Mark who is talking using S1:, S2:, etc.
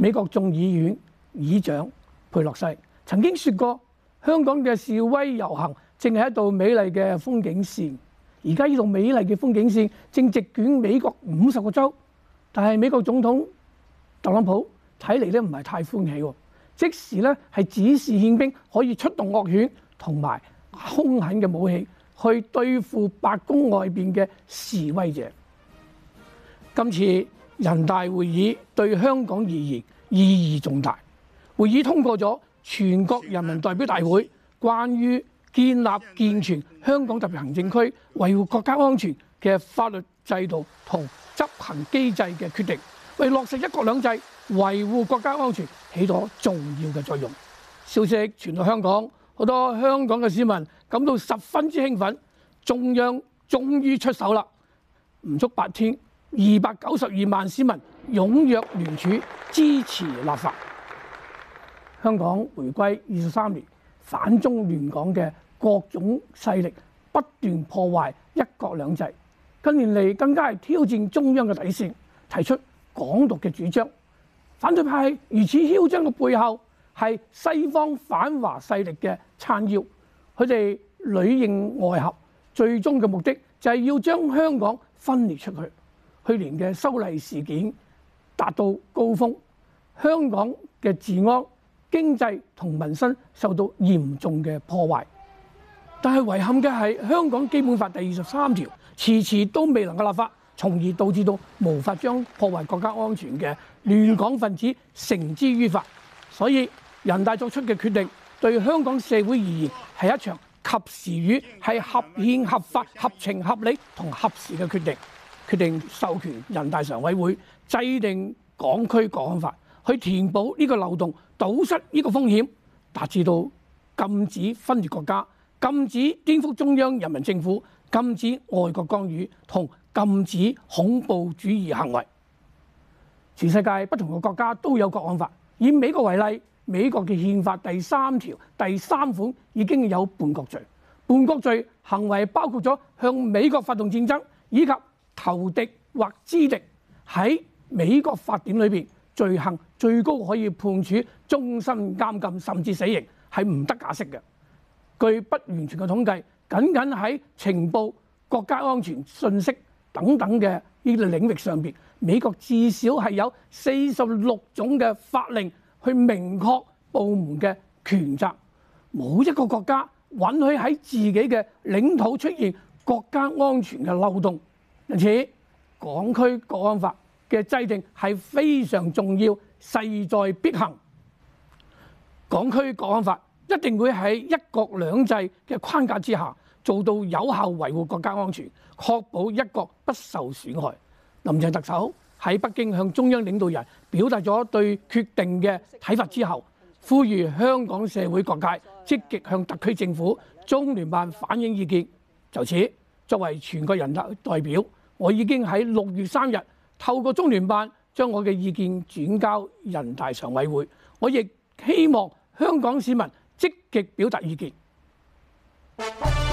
S1: 美國眾議院議長佩洛西曾經説過，香港嘅示威遊行正係一道美麗嘅風景線。而家呢道美麗嘅風景線正席捲美國五十個州，但係美國總統特朗普睇嚟咧唔係太歡喜喎，即時咧係指示憲兵可以出動惡犬同埋兇狠嘅武器去對付白宮外邊嘅示威者。今次人大會議對香港而言意義重大，會議通過咗全國人民代表大會關於建立健全香港特別行政區維護國家安全嘅法律制度同執行機制嘅決定，為落實一國兩制、維護國家安全起咗重要嘅作用。消息傳到香港，好多香港嘅市民感到十分之興奮，中央終於出手啦！唔足八天。二百九十二萬市民踴躍聯署支持立法。香港回歸二十三年，反中亂港嘅各種勢力不斷破壞一國兩制。近年嚟更加係挑戰中央嘅底線，提出港獨嘅主張。反對派如此囂張嘅背後係西方反華勢力嘅撐腰，佢哋裏應外合，最終嘅目的就係要將香港分裂出去。去年嘅修例事件達到高峰，香港嘅治安、經濟同民生受到嚴重嘅破壞。但係遺憾嘅係，香港基本法第二十三條遲遲都未能夠立法，從而導致到無法將破壞國家安全嘅亂港分子繩之於法。所以人大作出嘅決定對香港社會而言係一場及時雨，係合憲、合法、合情、合理同合時嘅決定。決定授權人大常委會制定港區國安法，去填補呢個漏洞，堵塞呢個風險，達至到禁止分裂國家、禁止顛覆中央人民政府、禁止外國干預同禁止恐怖主義行為。全世界不同嘅國家都有國安法，以美國為例，美國嘅憲法第三條第三款已經有叛國罪。叛國罪行為包括咗向美國發動戰爭以及，投敵或資敵，喺美國法典裏面，罪行最高可以判處終身監禁，甚至死刑，係唔得假釋嘅。據不完全嘅統計，僅僅喺情報、國家安全、信息等等嘅呢個領域上邊，美國至少係有四十六種嘅法令去明確部門嘅權責。冇一個國家允許喺自己嘅領土出現國家安全嘅漏洞。因此，港區國安法嘅制定係非常重要，勢在必行。港區國安法一定會喺一國兩制嘅框架之下，做到有效維護國家安全，確保一國不受損害。林鄭特首喺北京向中央領導人表達咗對決定嘅睇法之後，呼籲香港社會各界積極向特區政府、中聯辦反映意見。就此，作為全國人大代表，我已經喺六月三日透過中聯辦將我嘅意見轉交人大常委會，我亦希望香港市民積極表達意見。